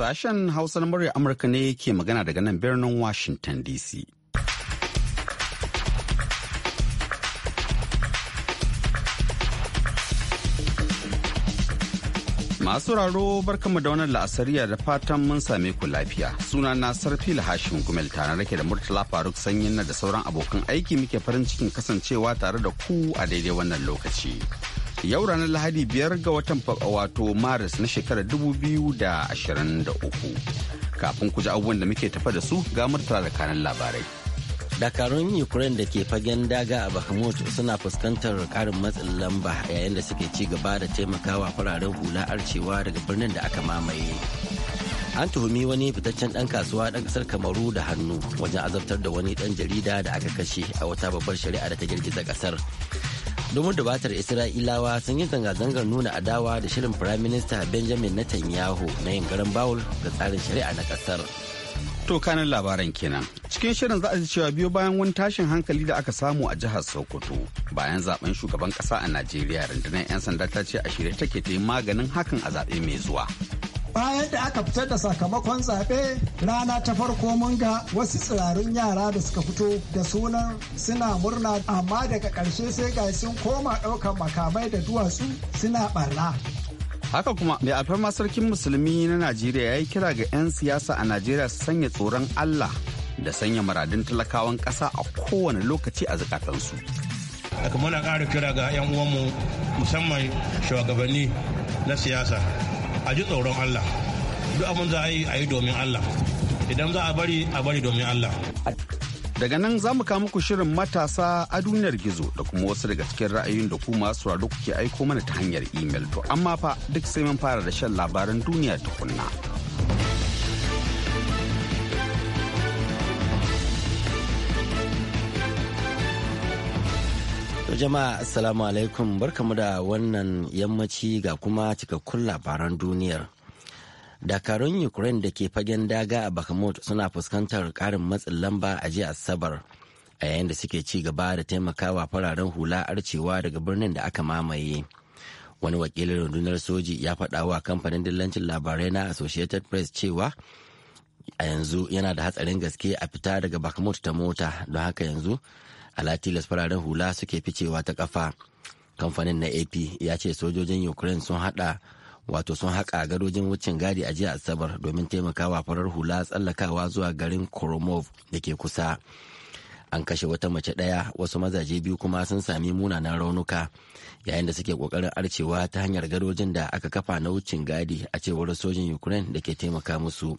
Sashen Hausa na murya Amurka ne ke magana daga nan birnin Washington DC. Masu raro barkanmu da wannan la'asariya da fatan mun same ku lafiya. Suna na Sarfi Hashim Gumel tare rake da Murtala Faruk Sanyin na da sauran abokan aiki muke farin cikin kasancewa tare da ku a daidai wannan lokaci. yau ranar lahadi biyar ga watan wato maris na shekarar 2023 kafin ku ji abubuwan da muke tafa da su ga murtala da kanan labarai dakarun ukraine da ke fagen daga a bahamut suna fuskantar karin matsin lamba yayin da suke ci gaba da taimakawa fararen hula arcewa daga birnin da aka mamaye an tuhumi wani fitaccen dan kasuwa dan kasar kamaru da hannu wajen azabtar da wani dan jarida da aka kashe a wata babbar shari'a da ta girgiza kasar. domin dubatar isra'ilawa sun yi zanga-zangar nuna adawa da shirin firaminista benjamin netanyahu na yin garin bawul ga tsarin shari'a na kasar to kanin labaran kenan cikin shirin za a ji cewa biyo bayan wani tashin hankali da aka samu a jihar sokoto bayan zaben shugaban kasa a najeriya rundunar 'yan sanda ta ce a shirye take ta yi maganin hakan a zaɓe mai zuwa bayan da aka fitar da sakamakon zaɓe rana ta farko mun ga wasu tsirarun yara da suka fito da sunan suna murna amma daga ƙarshe sai ga sun koma ɗaukar makamai da duwatsu suna ɓarna haka kuma mai alfarma sarkin musulmi na najeriya ya yi kira ga 'yan siyasa a najeriya su sanya tsoron allah da sanya maradin talakawan ƙasa a kowane lokaci a zukatansu haka muna ƙara kira ga 'yan uwanmu musamman shugabanni na siyasa a ji tsoron Allah duk abin za a yi a yi domin Allah idan za a bari a bari domin Allah daga nan za mu kawo muku shirin matasa a duniyar gizo da kuma wasu daga cikin ra'ayin da kuma masu ku kuke aiko mana ta hanyar imel to amma fa duk sai mun fara da shan labaran duniya tukunna. jama'a assalamu alaikum barkamu da wannan yammaci ga kuma cikakkun labaran duniyar. Dakarun Ukraine da ke fagen daga a Bakhmut suna fuskantar karin matsin lamba a jiya Asabar a yayin da suke ci gaba da taimakawa fararen hula arcewa daga birnin da aka mamaye. Wani wakilin rundunar soji ya faɗa wa kamfanin dillancin labarai na Associated Press cewa a yanzu yana da hatsarin gaske a fita daga Bakhmut ta mota don haka yanzu ala tilas fararen hula suke ficewa ta kafa kamfanin na ap ya ce sojojin ukraine sun hada wato sun haƙa gadojin wucin gadi a jiya asabar domin taimakawa farar hula tsallakawa zuwa garin koromov da ke kusa an kashe wata mace ɗaya wasu mazaje biyu kuma sun sami munanan raunuka yayin da suke ƙoƙarin arcewa ta hanyar gadojin da aka kafa na wucin gadi a cewar sojin ukraine da ke taimaka musu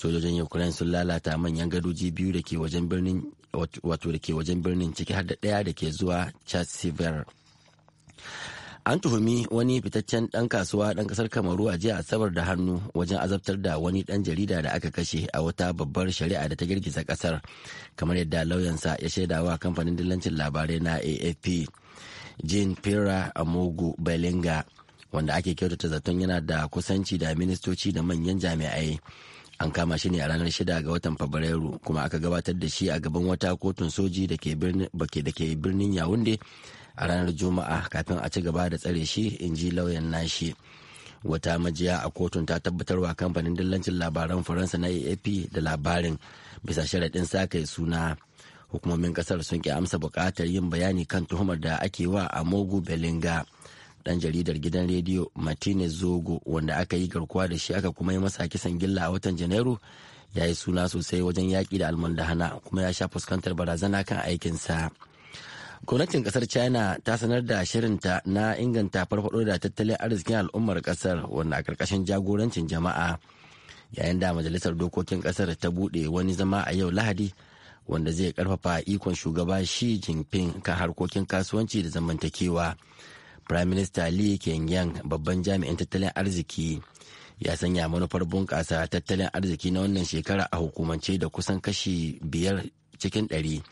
sojojin ukraine sun lalata manyan gadoji biyu da ke wajen birnin wato da ke wajen birnin ciki har da ɗaya da ke zuwa chasivir an tuhumi wani fitaccen ɗan kasuwa ɗan ƙasar kamaru a jiya asabar da hannu wajen azabtar da wani ɗan jarida da aka kashe a wata babbar shari'a da ta girgiza ƙasar kamar yadda lauyansa ya shaidawa kamfanin dillancin labarai na afp jean Pierre amogu belinga wanda ake kyautata zaton yana da kusanci da ministoci da manyan jami'ai an kama shi ne a ranar 6 ga watan fabrairu kuma aka gabatar da shi a gaban wata kotun soji da ke birnin yawunde a ranar juma'a kafin a ci gaba da tsare shi in ji lauyan nashi wata majiya a kotun ta tabbatarwa kamfanin dillancin labaran faransa na aap da labarin bisa sharaɗin sa kai suna hukumomin ƙasar sun ki amsa buƙatar yin bayani kan tuhumar da ake wa a mogu belinga dan jaridar gidan rediyo matine zogo wanda aka yi garkuwa da shi aka kuma yi masa kisan gilla a watan janairu ya yi suna sosai wajen yaƙi da almundahana kuma ya sha fuskantar barazana kan aikinsa gwamnatin kasar china ta sanar da shirinta na inganta farfado da tattalin arzikin al'ummar kasar wanda a karkashin jagorancin jama'a yayin da majalisar dokokin kasar ta bude wani zama a yau lahadi wanda zai karfafa ikon shugaba shi jinping kan harkokin kasuwanci da zamantakewa prime minister lee babban jami'in tattalin arziki ya sanya manufar bunƙasa tattalin arziki na wannan shekara a hukumance da kusan kashi biyar cikin ɗari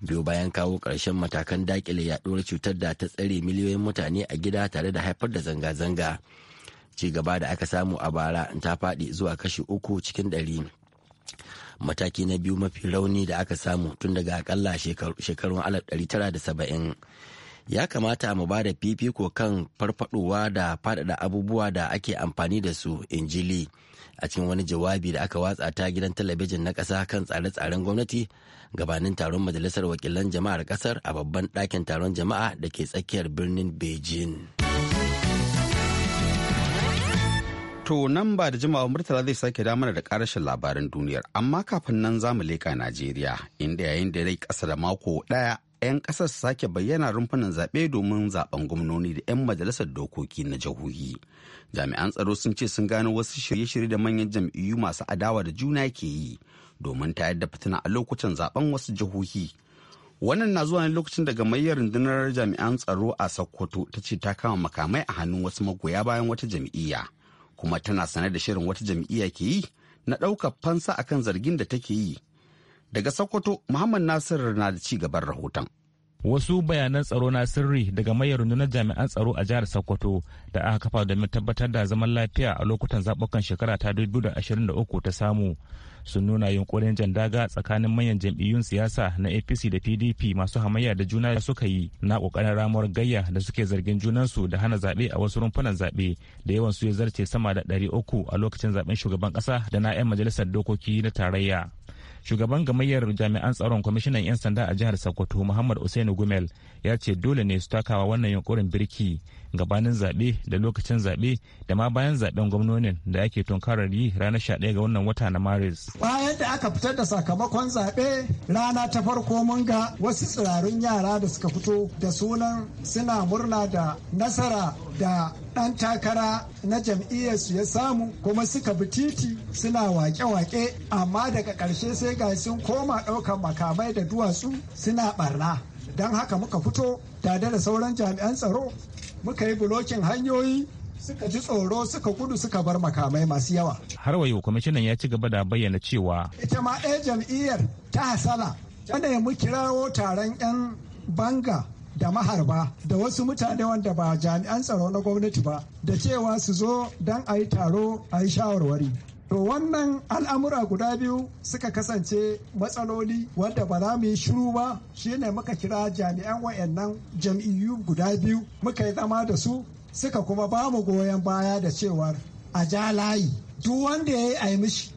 biyu bayan kawo ƙarshen matakan dakile yaɗuwar cutar da ta tsare miliyoyin mutane a gida tare da haifar da zanga-zanga ci gaba da aka samu a bara ta faɗi zuwa kashi uku cikin ɗari mataki na biyu mafi rauni da aka samu tun daga akalla shekarun saba'in. ya kamata mu ba da fifiko kan farfadowa da faɗaɗa abubuwa da ake amfani da su injili a cikin wani jawabi da aka watsa ta gidan talabijin na ƙasa kan tsare-tsaren gwamnati gabanin taron majalisar wakilan jama'ar ƙasar a babban ɗakin taron jama'a da ke tsakiyar birnin beijing to nan ba da jimawa murtala zai sake damar da karashin labarin duniyar amma kafin nan zamu leƙa najeriya inda yayin da rai ƙasa da mako ɗaya 'yan kasar su sake bayyana rumfunan zaɓe domin zaɓen gwamnoni da 'yan majalisar dokoki na jihohi. Jami'an tsaro sun ce sun gano wasu shirye-shirye da manyan jam'iyyu masu adawa da juna ke yi domin tayar da fitina a lokacin zaɓen wasu jihohi. Wannan na zuwa ne lokacin da gamayyar rundunar jami'an tsaro a Sokoto ta ce ta kama makamai a hannun wasu magoya bayan wata jam'iyya kuma tana sanar da shirin wata jam'iyya ke yi na ɗaukar fansa akan zargin da take yi Daga Sokoto, Muhammad Nasir na da ci gaban rahoton. Wasu bayanan tsaro na sirri daga mayar rundunar jami'an tsaro a jihar Sokoto da aka kafa domin tabbatar da zaman lafiya a lokutan zaɓukan shekara ta 2023 ta samu sun nuna yunkurin jan daga tsakanin manyan jam'iyyun siyasa na APC da PDP masu hamayya da juna da suka yi na ƙoƙarin ramuwar gayya da suke zargin junansu da hana zaɓe a wasu rumfunan zaɓe da yawan su ya zarce sama da ɗari uku a lokacin zaɓen shugaban ƙasa da na 'yan majalisar dokoki na tarayya. shugaban gamayyar jami'an tsaron kwamishinan 'yan sanda a jihar sokoto muhammad usainu gumel ya ce dole ne su takawa wannan yunkurin birki gabanin zaɓe da lokacin zaɓe da ma bayan zaɓen gwamnonin da ake tunkarar yi ranar 11 ga wannan wata na maris bayan da aka fitar da sakamakon zaɓe rana ta farko mun ga wasu tsirarun yara da suka fito da sunan suna murna da nasara da ɗan takara na jam'iyyar su ya samu kuma suka bi titi suna wake-wake amma daga ƙarshe sai ga sun koma ɗaukar makamai da duwatsu suna barna don haka muka fito tare da sauran jami'an tsaro muka yi bulokin hanyoyi suka ji tsoro suka gudu suka bar makamai masu yawa. Har wayo kwamishinan ya ci gaba da bayyana cewa. Ita ma ɗaya jam'iyyar ta hasala. Wanda mu kirawo taron 'yan banga da maharba da wasu mutane wanda ba jami'an tsaro na gwamnati ba da cewa su zo don a yi taro a yi shawarwari To wannan al'amura guda biyu suka kasance matsaloli wanda ba za mu yi shiru ba shine muka kira jami'an wayannan jam'iyyu guda biyu muka yi zama da su suka kuma ba mu goyon baya da cewar a ja layi duk wanda ya yi a mishi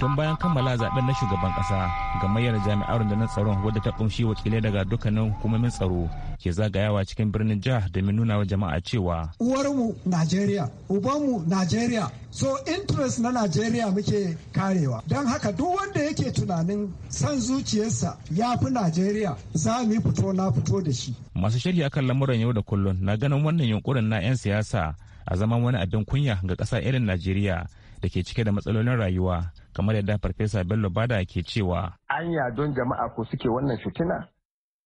tun bayan kammala zaben na shugaban kasa gamayyar jami'ar rundunar tsaron wadda ta kunshi wakilai daga dukkanin hukumomin tsaro ke zagayawa cikin birnin jihar domin nuna wa jama'a cewa uwarmu najeriya ubanmu najeriya so interest na najeriya muke karewa don haka duk wanda yake tunanin san zuciyarsa ya fi najeriya za mu fito na fito da shi masu sharhi akan lamuran yau da kullum na ganin wannan yunkurin na 'yan siyasa a zaman wani abin kunya ga ƙasa irin najeriya da ke cike da matsalolin rayuwa kamar yadda farfesa bello bada ke cewa anya don jama'a ko suke wannan fitina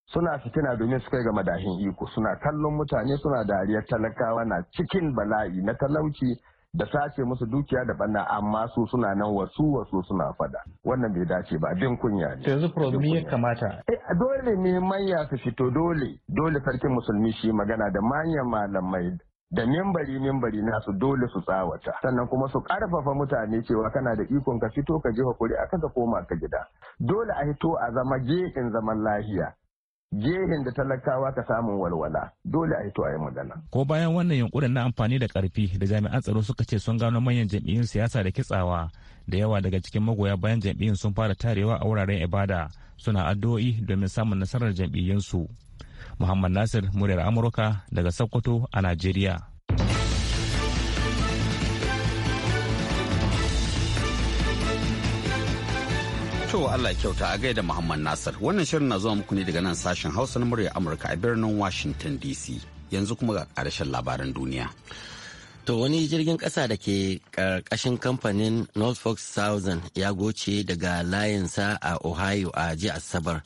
suna fitina domin su kai ga madahin iko suna kallon mutane suna dariyar talakawa na cikin bala'i na talauci da sace musu dukiya da banna amma su suna nan wasu wasu suna fada wannan bai dace ba abin kunya ne yanzu problem ya kamata eh dole ne manya su fito dole dole sarkin musulmi shi magana da manyan malamai da mimbari mimbari nasu dole su tsawata sannan kuma su karfafa mutane cewa kana da ikon ka fito ka jefa kuri aka ka koma ka gida dole a hito a zama gehin zaman lahiya gehen da talakawa ka samun walwala dole a hito a yi magana. ko bayan wannan yunkurin na amfani da karfi da jami'an tsaro suka ce sun gano manyan jam'iyyun siyasa da kitsawa da yawa daga cikin magoya bayan jam'iyyun sun fara tarewa a wuraren ibada suna addu'o'i domin samun nasarar su. Muhammad Nasir muryar Amurka daga Sokoto a Najeriya. To Allah kyauta a gaida Muhammad Nasir. Wannan shirin na zuwa muku ne daga nan sashen Hausa na muryar Amurka a birnin Washington DC. Yanzu kuma ga ƙarshen labaran duniya. To wani jirgin ƙasa da ke ƙarƙashin kamfanin Norfolk Southern ya goce daga layinsa a Ohio a jiya Asabar.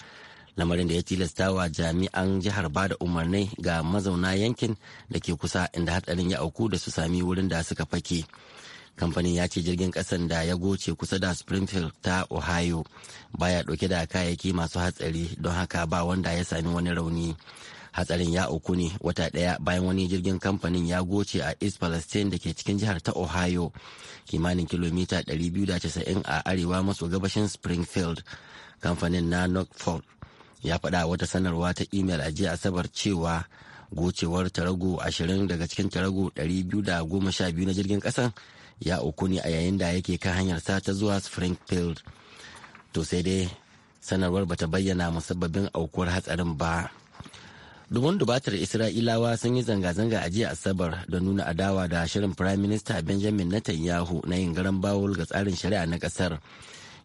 lamarin da ya tilasta wa jami'an jihar bada umarnai ga mazauna yankin da ke kusa inda hatsarin ya auku da su sami wurin da suka fake kamfanin ya ce jirgin kasan da ya goce kusa da springfield ta ohio baya dauke da kayayyaki masu hatsari don haka ba wanda ya sami wani rauni hatsarin ya auku ne wata daya bayan wani jirgin kamfanin ya goce a east palestine da ke cikin jihar ta ohio kimanin kilomita 290 a arewa maso gabashin springfield kamfanin na norfolk ya faɗa wata sanarwa ta imel a jiya asabar cewa gocewar tarago 20 daga cikin tarago 212 na jirgin kasan ya uku ne a yayin da yake kan hanyar sa ta zuwa springfield to sai dai sanarwar bata bayyana musabbabin aukuwar hatsarin ba domin dubatar isra'ilawa sun yi zanga-zanga a jiya asabar da nuna adawa da shirin prime minister benjamin netanyahu na yin garan bawul ga tsarin shari'a na kasar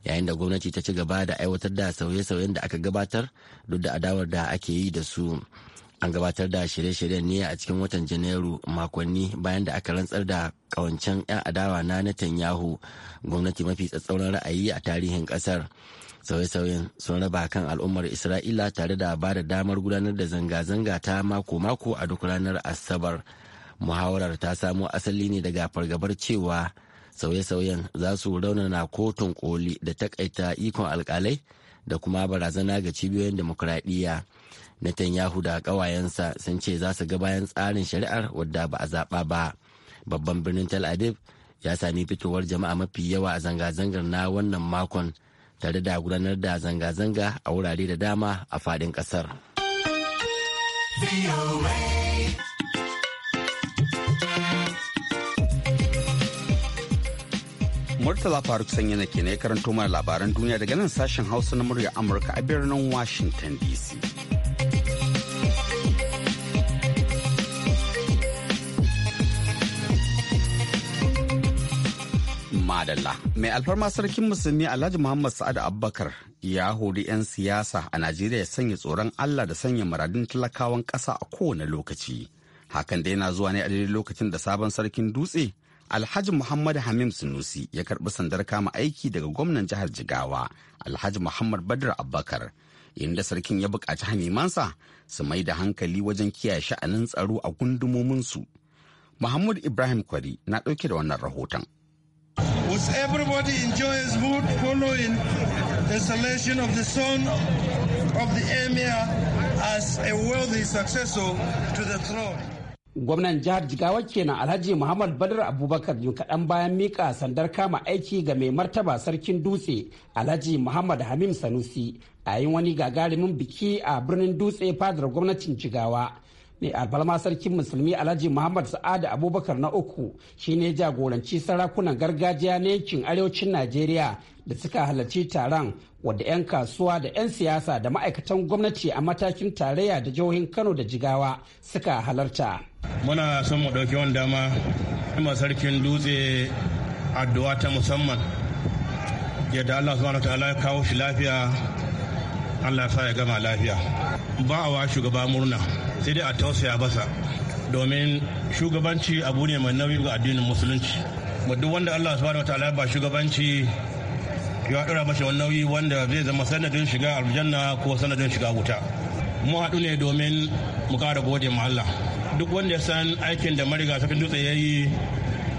yayin da gwamnati ta ci gaba da aiwatar da sauye-sauyen da aka gabatar duk da adawar da ake yi da su an gabatar da shirye-shiryen ne a cikin watan janairu makonni bayan da aka rantsar da kawancen 'yan adawa na netanyahu gwamnati mafi tsatsauran ra'ayi a tarihin kasar sauye-sauyen sun raba kan al'ummar isra'ila tare da ba da damar gudanar da zanga-zanga ta mako-mako a duk ranar asabar muhawarar ta samo asali ne daga fargabar cewa sauye-sauyen za su raunana kotun koli da takaita ikon alkalai da kuma barazana ga cibiyoyin demokuraɗiyya Netanyahu da ƙawayensa sun ce za su ga bayan tsarin shari'ar wadda ba a zaɓa ba babban birnin tel aviv ya sami fitowar jama'a mafi yawa a zanga-zangar na wannan makon tare da gudanar da zanga-zanga a wurare da dama a faɗin ƙasar. Murtala Faruk Sanya na ke karanto mana labaran duniya daga nan sashen Hausa na murya Amurka a birnin Washington DC. Madalla. Mai alfarma sarkin musulmi Alhaji Muhammad Sa'ad Abubakar ya hori 'yan siyasa a Najeriya ya sanya tsoron Allah da sanya muradun talakawan ƙasa a kowane lokaci. Hakan dai yana zuwa ne a daidai lokacin da sabon sarkin dutse Alhaji Muhammad Hamim Sunusi ya karɓi sandar kama aiki daga gwamnan jihar Jigawa Alhaji Muhammad Badr Abubakar inda sarkin ya buƙaci hamimansa su mai da hankali wajen kiyaye sha'anin tsaro a gundumominsu. Muhammad Ibrahim Kwari na ɗauke da wannan rahoton. Was everybody enjoys mood following the selection of the son of the emir as a worthy successor to the throne? gwamnan jihar jigawa kenan alhaji muhammad badar abubakar yin kaɗan bayan mika sandar kama aiki ga mai martaba sarkin dutse alhaji muhammad hamim sanusi a yin wani gagarumin biki a birnin dutse fadar gwamnatin jigawa mai albalma sarkin musulmi alhaji muhammad sa'adu abubakar na uku shine jagoranci sarakunan gargajiya na yankin arewacin najeriya da suka halarci taron wadda 'yan kasuwa da 'yan siyasa da ma'aikatan gwamnati a matakin tarayya da jihohin kano da jigawa suka halarta muna son mu ɗauki wani dama ma sarkin dutse addu'a ta musamman yadda allah subhanahu ta'ala ya kawo shi lafiya allah sa ya gama lafiya ba a wa shugaba murna sai dai a tausaya basa domin shugabanci abu ne mai nauyi ga addinin musulunci duk wanda allah subhanahu ta'ala ba shugabanci ya dora mashi wani nauyi wanda zai zama sanadin shiga aljanna ko sanadin shiga wuta mu haɗu ne domin mu ƙara gode ma allah duk wanda ya san aikin da mariga sarkin dutse ya yi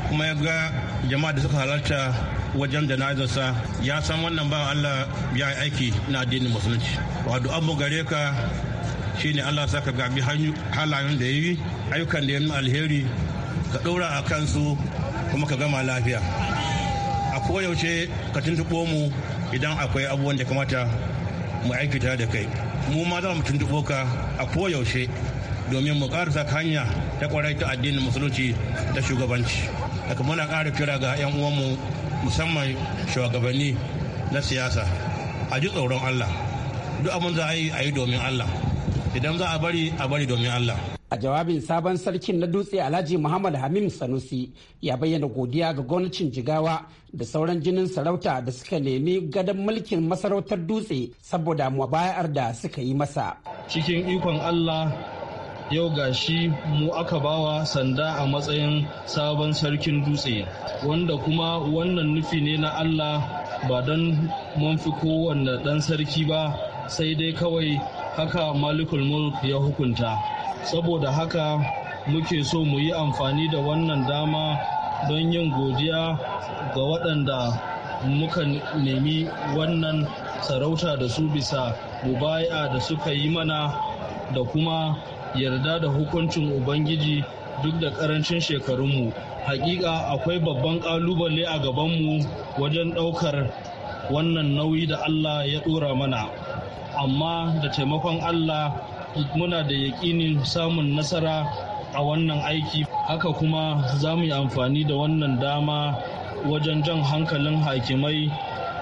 kuma ya ga jama'a da suka halarta wajen da jana'izarsa ya san wannan ba Allah ya yi aiki na addinin musulunci wadu abu gare ka shi ne Allah sa saka gabi halayen da ya yi ayyukan da ya alheri ka ɗora a kansu kuma ka gama lafiya a koyaushe ka tuntuɓo mu idan akwai abubuwan da kamata mu tare da kai mu ma za mu tuntuɓo ka a koyaushe domin mu saka hanya ta kwarai ta addinin musulunci ta shugabanci daga muna ƙara kira ga 'yan uwanmu musamman shugabanni na siyasa a ji tsoron allah duk abin za a yi a yi domin allah idan za a bari a bari domin allah a jawabin sabon sarkin na dutse alhaji muhammad hamim sanusi ya bayyana godiya ga gwamnatin jigawa da sauran jinin sarauta da suka nemi gadon mulkin masarautar dutse saboda bayar da suka yi masa cikin ikon allah yau ga shi mu aka bawa sanda a matsayin sabon sarkin dutse wanda kuma wannan nufi ne na allah ba don mun fi kowanne ɗan sarki ba sai dai kawai haka malikul mulk ya hukunta saboda haka muke so mu yi amfani da wannan dama don yin godiya ga waɗanda muka nemi wannan sarauta da su bisa mubaya da suka yi mana da kuma yarda da hukuncin ubangiji duk da karancin shekarunmu hakika akwai babban kalubale a gabanmu wajen ɗaukar wannan nauyi da allah ya dora mana amma da taimakon allah muna da yaƙinin samun nasara a wannan aiki haka kuma za mu yi amfani da wannan dama wajen jan hankalin hakimai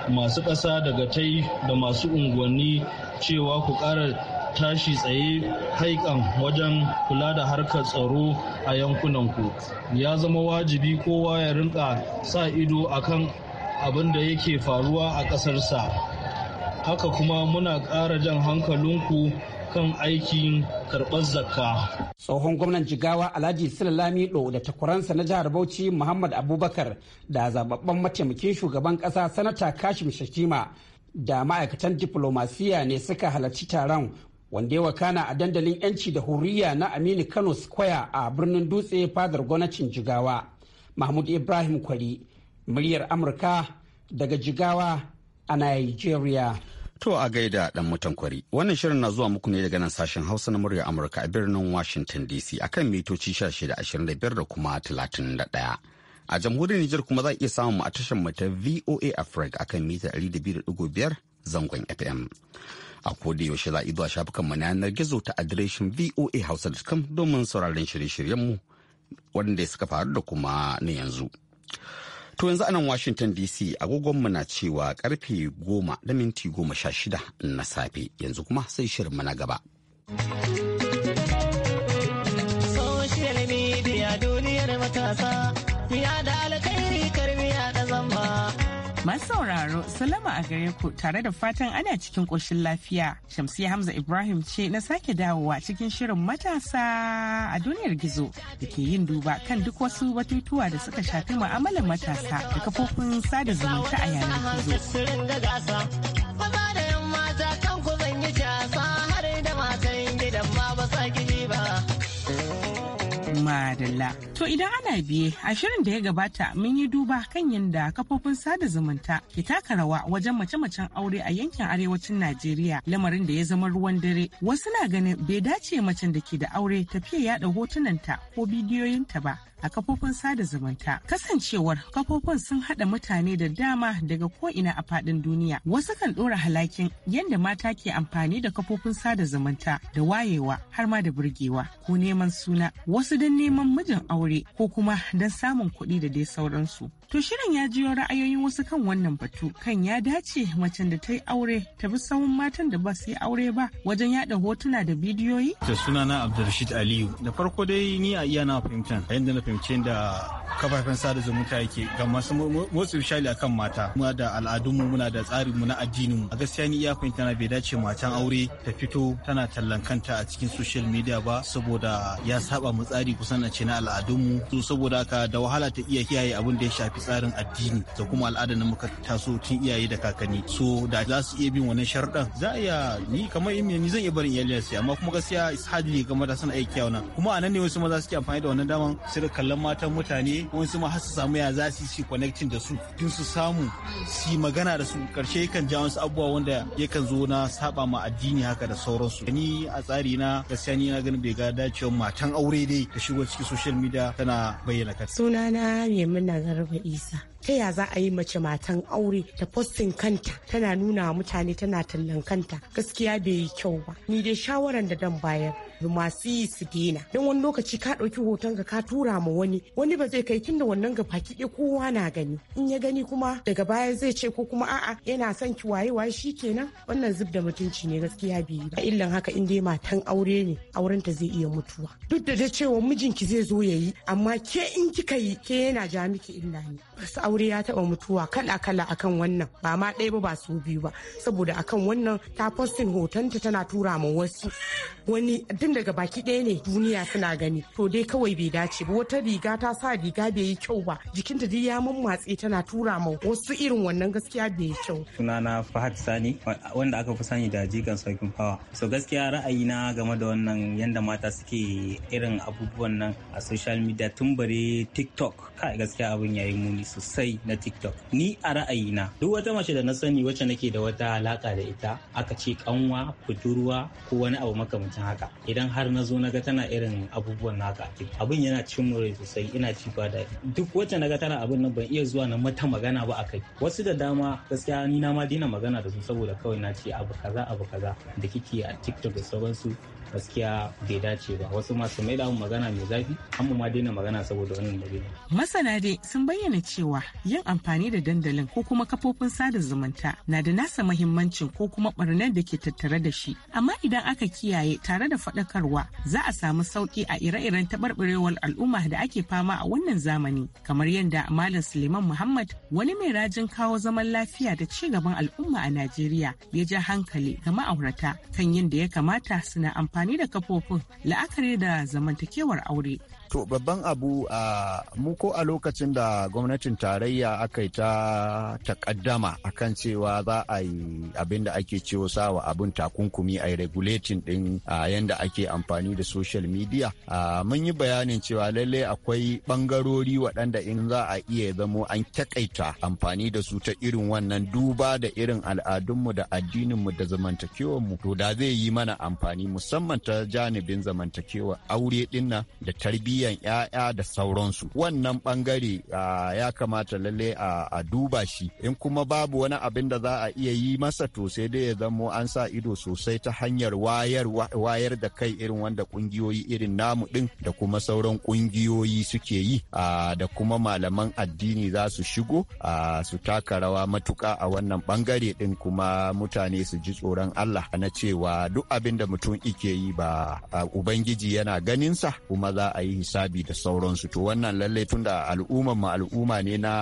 masu ƙasa daga tai da masu unguwanni cewa ku ƙara tashi tsaye haikan wajen kula da harkar tsaro a yankunanku ya zama wajibi kowa ya rinka sa ido akan abin da yake faruwa a ƙasarsa haka kuma muna ƙara jan hankalinku kan aikin karɓar zakka. Tsohon gwamnan jigawa Alhaji Silalami Do da takwaransa na jihar Bauchi Muhammad Abubakar da zababban mataimakin shugaban ƙasa Sanata Kashim Shakima da ma'aikatan diplomasiya ne suka halarci taron wanda ya wakana a dandalin 'yanci da huriya na aminu kano square a birnin dutse fadar gwamnatin jigawa mahmud ibrahim kwari muryar amurka daga jigawa a nigeria to a gaida dan mutan kwari wannan shirin na zuwa muku ne daga nan sashen hausa na muryar amurka a birnin washington dc akan mitoci 1625 da kuma 31 a jamhuriyar nijar kuma za a iya samun a tashar mata voa africa akan mita 200.5 zangon fm a koda yaushe za a zuwa shafukan mu na yanar gizo ta adireshin voahausa.com domin sauraron shirye-shiryenmu wanda suka faru da kuma na yanzu. To yanzu anan Washington DC agogonmu na cewa karfe goma da minti goma sha shida na safe yanzu kuma sai shirin na gaba. sallama a gare ku tare da fatan ana cikin ƙoshin lafiya. Shamsiya Hamza Ibrahim ce na sake dawowa cikin shirin matasa a duniyar gizo da ke yin duba kan duk wasu batutuwa da suka shafi mu'amalar matasa da kafofin sada zumunta a yanar gizo. dalla To idan ana biye a shirin da ya gabata mun yi duba kan yadda kafofin sada zumunta ke taka rawa wajen mace-macen aure a yankin arewacin Najeriya lamarin da ya zama ruwan dare. Wasu na ganin bai dace macen da ke da aure tafiya yaɗa hotunanta ko bidiyoyinta ba a kafofin sada zumunta. Kasancewar kafofin sun hada mutane da dama daga ko'ina a fadin duniya. Wasu kan ɗora halakin yadda mata ke amfani da kafofin sada zumunta da wayewa har ma da burgewa ko neman suna wasu don neman mijin aure ko kuma don samun kuɗi da dai sauransu. To shirin ya jiyo ra'ayoyin wasu kan wannan batu kan ya dace macen da ta yi aure ta bi sawun matan da ba su yi aure ba wajen yada hotuna da bidiyoyi. Da sunana Abdulrashid Aliyu. Da farko dai ni a iya na fahimta yadda na fahimta fahimci da kafafen sada zumunta yake ga masu motsa a akan mata muna da al'adunmu muna da tsarin mu na addininmu a gaskiya ni iyakun tana bai dace matan aure ta fito tana tallan kanta a cikin social media ba saboda ya saba mu tsari kusan a ce na al'adunmu su saboda haka da wahala ta iya kiyaye abin da ya shafi tsarin addini da kuma al'adar na muka taso tun iyaye da kakanni so da za su iya bin wannan sharɗan za a iya ni kamar ni zan iya barin iyalin amma kuma gaskiya hadili game da matasan aiki kyawuna kuma a nan ne wasu maza suke amfani da wannan daman su kallon matan mutane wasu ma har su samu ya za su yi connecting da su tun su samu su magana da su karshe kan ja wasu abubuwa wanda yakan zo na saba ma addini haka da sauransu ni a tsari na gaskiya ni na ganin bai ga dacewa matan aure dai ta shigo cikin social media tana bayyana kanta sunana Maimuna Garba Isa ta ya za a yi mace matan aure ta postin kanta tana nuna mutane tana tallan kanta gaskiya bai yi kyau ba ni dai shawaran da dan bayar masu yi su daina don wani lokaci ka ɗauki hoton ka tura ma wani wani ba zai kai tun da wannan ga baki ɗaya kowa na gani in ya gani kuma daga baya zai ce ko kuma a'a yana son ki waye waye shi kenan wannan zub da mutunci ne gaskiya bai yi ba illan haka in dai matan aure ne aurenta zai iya mutuwa duk da da cewa mijinki zai zo ya yi amma ke in kika yi ke yana ja miki illa ne aure ya taba mutuwa kala kala akan wannan ba ma ɗaya ba ba su biyu ba saboda akan wannan ta postin hotonta tana tura ma wasu wani tun daga baki ɗaya ne duniya suna gani to dai kawai bai dace ba wata riga ta sa riga bai yi kyau ba jikinta dai ya mammatse tana tura ma wasu irin wannan gaskiya bai yi kyau sunana Fahad Sani wanda aka fi sani da jikan sarkin fawa so gaskiya ra'ayina game da wannan yanda mata suke irin abubuwan nan a social media tun bare TikTok kai gaskiya abin ya yi muni sosai na tiktok ni a ra'ayina duk wata mace da na sani wacce nake da wata alaka da ita aka ce kanwa budurwa ko wani abu makamancin haka idan har na zo naga tana irin abubuwan naka abin yana cin rai sosai ina ci ba da duk wacce naga tana abin nan ban iya zuwa na mata magana ba a kai wasu da dama gaskiya ni na ma dina magana da su saboda kawai na ce abu kaza abu kaza da kike a tiktok da sauransu gaskiya bai dace ba wasu masu mai da magana mai zafi an ma daina magana saboda wannan dalilin. Masana dai sun bayyana cewa yin amfani da dandalin ko kuma kafofin sada zumunta na da nasa mahimmancin ko kuma barnar da ke tattare da shi amma idan aka kiyaye tare da faɗakarwa za a samu sauƙi a ire-iren taɓarɓarewar al'umma da ake fama a wannan zamani kamar yadda Malam Suleiman Muhammad wani mai rajin kawo zaman lafiya da ci gaban al'umma a Najeriya ya ja hankali ga ma'aurata kan yadda ya kamata suna amfani amfani da kafofin la'akari da zamantakewar aure To babban abu a mu ko a lokacin da gwamnatin tarayya aka yi ta takaddama akan cewa za a yi abin da ake sa sawa abin takunkumi a yi regulating din yanda ake amfani da social media. Mun yi bayanin cewa lalle akwai bangarori waɗanda in za a iya zamo an takaita amfani da su ta irin wannan duba da irin al'adunmu da addininmu da zamantakewarmu to da zai yi mana amfani musamman ta janibin zamantakewar aure nan da tarbiyya tarbiyyan 'ya'ya da sauransu wannan bangare ya kamata lalle a duba shi in kuma babu wani abin da za a iya yi masa to sai dai ya zamo an sa ido sosai ta hanyar wayar da kai irin wanda kungiyoyi irin namu din da kuma sauran kungiyoyi suke yi da kuma malaman addini za su shigo su taka rawa matuka a wannan bangare din kuma mutane su ji tsoron Allah na cewa duk abin da mutum ike yi ba ubangiji yana ganin sa kuma za a yi nisabi da sauransu to wannan lallai tunda al'umma ma al'umma ne na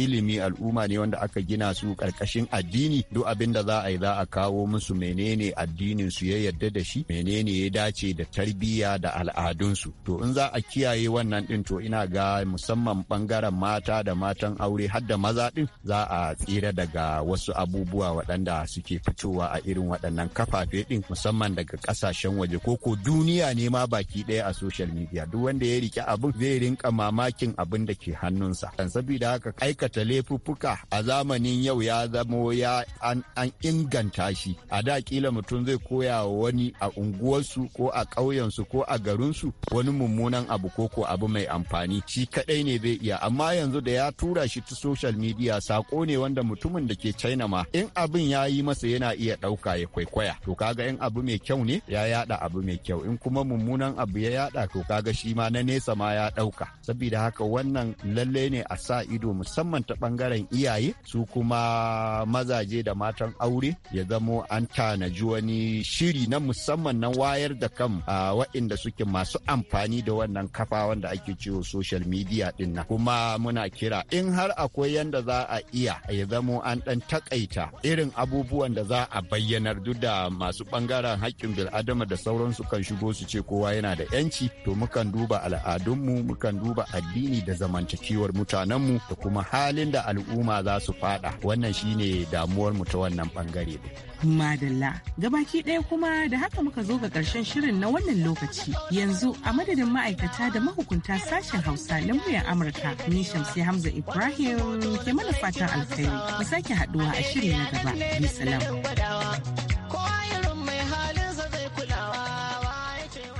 ilimi al'umma ne wanda aka gina su karkashin addini duk abin da za a yi za a kawo musu menene addinin su ya yarda da shi menene ya dace da tarbiyya da al'adunsu to in za a kiyaye wannan din to ina ga musamman bangaren mata da matan aure har da maza din za a tsira daga wasu abubuwa waɗanda suke fitowa a irin waɗannan kafafe din musamman daga ƙasashen waje ko ko duniya ne ma baki ɗaya a social media duk wanda ya ya rike abin zai rinka mamakin abin da ke hannunsa kan saboda haka aikata laifuffuka a zamanin yau ya zamo ya an, inganta shi a da kila mutum zai koya wa wani a unguwarsu ko a ƙauyensu ko a garinsu wani mummunan abu ko ko abu mai amfani shi kaɗai ne zai iya amma yanzu da ya tura shi ta social media sako ne wanda mutumin da ke china ma in abin ya yi masa yana iya ɗauka ya kwaikwaya to kaga in abu mai kyau ne ya yada abu mai kyau in kuma mummunan abu ya yaɗa to kaga shi ma nan nesa ma ya ɗauka saboda haka wannan lalle ne a sa ido musamman ta ɓangaren iyaye su kuma mazaje da matan aure ya zamo an tanaji wani shiri na musamman na wayar da kan waɗanda suke masu amfani da wannan kafa wanda ake cewa social media ɗin nan kuma muna kira in har akwai yanda za a iya ya zamo an ɗan takaita irin abubuwan da za a bayyanar duk da masu ɓangaren haƙƙin bil'adama da sauransu kan shigo su ce kowa yana da 'yanci to mukan duba al'adunmu mukan duba addini da zamantakewar mutanenmu da kuma halin da al'umma za su fada wannan shine damuwar mu ta wannan bangare madalla gabaki ɗaya kuma da haka muka zo ga ƙarshen shirin na wannan lokaci yanzu a madadin ma'aikata da mahukunta sashen hausa na muryar amurka ni shamsi hamza ibrahim ke mana fatan alkhairi mu sake haduwa a shiri na gaba bisalam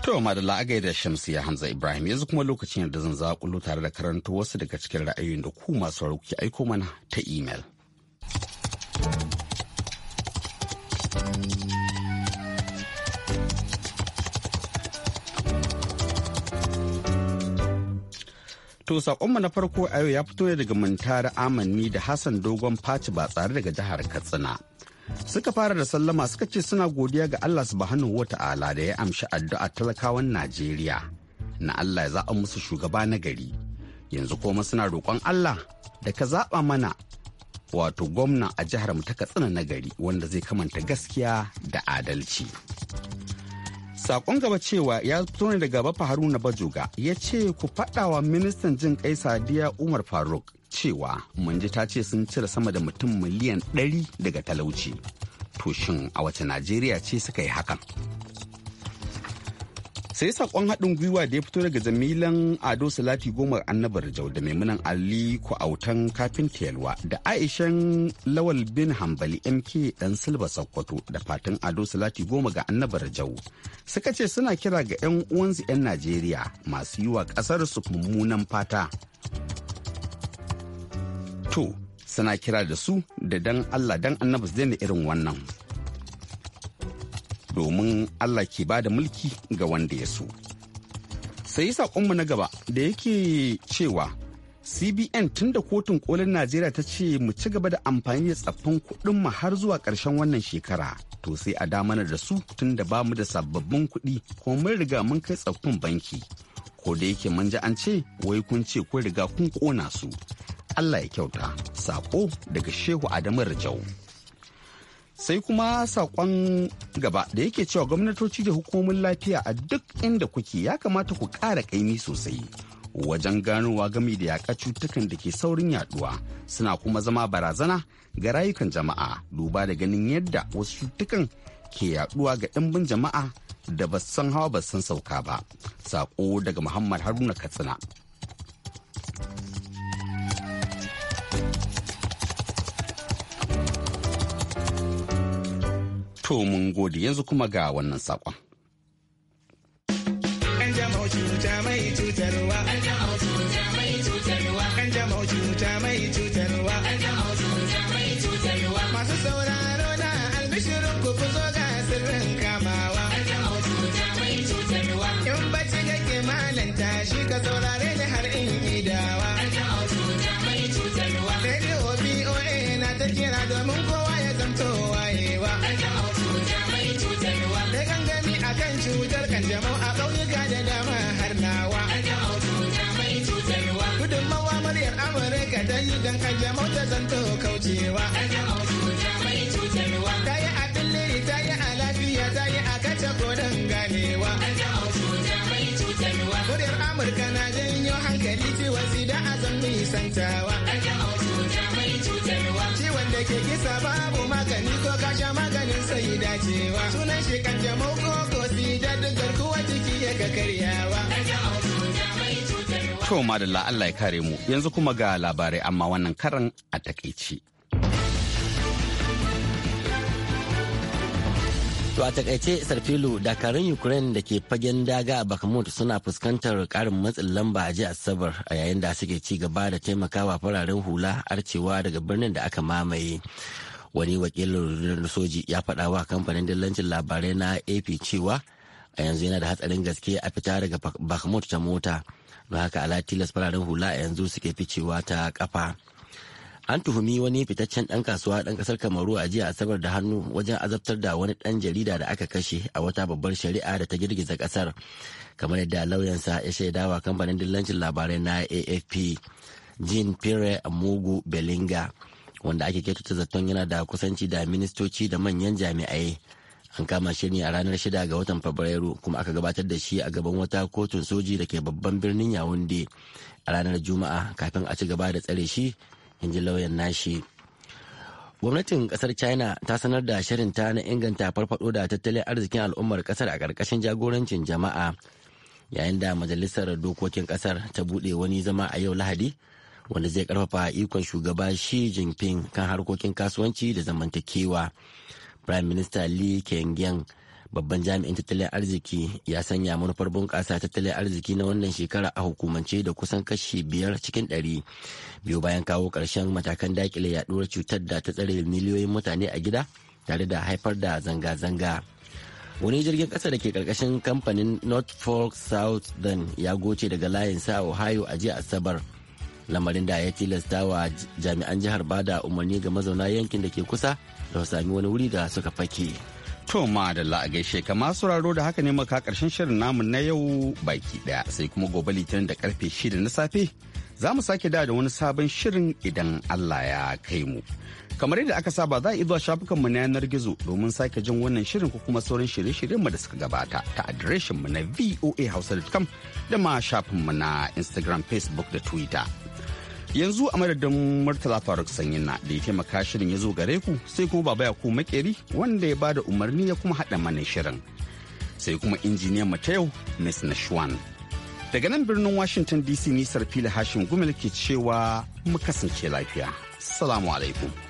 To madalla a gaida Shamsu ya Hamza Ibrahim yanzu kuma lokacin da zan zakulo tare da karanto wasu daga cikin ra'ayoyin da ku masu sauraro ke aiko mana ta imel. To saƙonmu na farko a yau ya fito ne daga Muntari Amanni da Hassan Dogon Faci ba tsare daga jihar Katsina. suka fara da sallama suka ce suna godiya ga Allah su subhanahu ala da ya amshi addu'a talakawan Najeriya na Allah ya zaɓa musu shugaba na gari yanzu kuma suna roƙon Allah da ka zaɓa mana wato gwamna a jihar mu ta Katsina na gari wanda zai kamanta gaskiya da adalci. saƙon gaba cewa ya fito ne daga Bafa Haruna Bajoga ya ce ku faɗawa ministan jin kai Sadiya Umar Faruk cewa manji ta ce sun cire sama da mutum miliyan 100 daga talauci to shin a wace najeriya ce suka yi hakan sai sakon haɗin gwiwa da ya fito daga jamilan ado salati gomar annabar jau da maimunan ali autan kafin yalwa da aishan lawal bin hambali mk dan silba sakkwato da fatan ado salati goma ga annabar jau suka ce suna kira ga 'yan uwansu 'yan najeriya masu yi wa ƙasar su mummunan fata to suna kira da su da dan Allah dan annabi su daina irin wannan domin Allah ke ba da mulki ga wanda ya so sai saƙonmu na gaba da yake cewa cbn tun da kotun kolin najeriya ta ce mu ci gaba da amfani da tsaffin kuɗin mu har zuwa ƙarshen wannan shekara to sai a damana da su tun da ba mu da sababbin kuɗi ko mun riga mun kai tsaffin banki ko da yake mun ji an ce wai kun ce kun riga kun ƙona su Allah ya kyauta sako daga Shehu Adamu Rajau. Sai kuma saƙon gaba da yake cewa gwamnatoci da hukumomin lafiya a duk inda kuke ya kamata ku ƙara ƙaimi sosai wajen ganowa gami da yaƙa cutukan da ke saurin yaɗuwa suna kuma zama barazana ga rayukan jama'a duba da ganin yadda wasu cutukan ke yaɗuwa ga ɗimbin jama'a da ba san hawa ba san sauka ba. Sako daga Muhammad Haruna Katsina. To mun gode yanzu kuma ga wannan saƙon. mai mai don kanjamau ta zanto kaucewa. Ta yi a billiri ta yi a lafiya ta yi a kace koren ganewa. Muryar Amurka na janyo hankali ciwon sida a zan nisantawa. Ciwon da ke kisa babu magani ko kasha maganin sai dacewa. Sunan shi kanjamau ko ko sida duk jiki ya ga karyawa. To madalla Allah ya kare mu yanzu kuma ga labarai amma wannan karan a takaici. To a takaice sarfilu dakarun Ukraine da ke fagen daga a Bakamut suna fuskantar karin matsin lamba a jiya Asabar a yayin da suke ci gaba da taimakawa fararen hula arcewa daga birnin da aka mamaye. Wani wakilin rundunar soji ya faɗa wa kamfanin dillancin labarai na AP cewa a yanzu yana da hatsarin gaske a fita daga Bakamut ta mota. don haka ala tilas fararen hula a yanzu suke ficewa ta kafa an tuhumi wani fitaccen ɗan kasuwa ɗan ƙasar kamaru a jiya asabar da hannu wajen azabtar da wani ɗan jarida da aka kashe a wata babbar shari'a da ta girgiza ƙasar kamar yadda lauyansa ya shaidawa kamfanin dillancin labarai na afp jean pierre mugu belinga wanda ake kyautata zaton yana da kusanci da ministoci da manyan jami'ai an kama shi ne a ranar 6 ga watan fabrairu kuma aka gabatar da shi a gaban wata kotun soji da ke babban birnin yawunde a ranar juma'a kafin a ci gaba da tsare shi in ji lauyan nashi gwamnatin kasar china ta sanar da shirinta na inganta farfado da tattalin arzikin al'ummar kasar a karkashin jagorancin jama'a yayin da majalisar dokokin kasar ta bude wani zama a yau lahadi wanda zai karfafa ikon shugaba shi jinping kan harkokin kasuwanci da zamantakewa prime minister lee kengyang babban jami'in tattalin arziki ya sanya manufar bunƙasa tattalin arziki na wannan shekara a hukumance da kusan kashi biyar cikin ɗari biyu bayan kawo ƙarshen matakan dakile yaɗuwar cutar da ta tsare miliyoyin mutane a gida tare da haifar da zanga-zanga wani jirgin ƙasa da ke ƙarƙashin kamfanin north fork dan ya goce daga layin sa ohio a jiya asabar lamarin da ya tilasta wa jami'an jihar bada umarni ga mazauna yankin da ke kusa da sami wani wuri da suka fake. To ma da gaishe kama sauraro da haka ne maka karshen shirin namu na yau baki daya sai kuma gobe litinin da karfe shida na safe za mu sake da wani sabon shirin idan Allah ya kai mu. Kamar yadda aka saba za a iya zuwa shafukanmu na yanar gizo domin sake jin wannan shirin ko kuma sauran shirye mu da suka gabata ta mu na voa voahausa.com da ma shafin mu na Instagram, Facebook da Twitter. yanzu a madadin murtala faruk sanyin na da ya taimaka shirin ya zo gare ku sai kuma baba yaku makeri wanda ya bada umarni ya kuma haɗa mana shirin sai kuma injiniyan mu ta yau miss nashwan daga nan birnin washington dc nisar fili hashin gumel ke cewa mu kasance lafiya salamu alaikum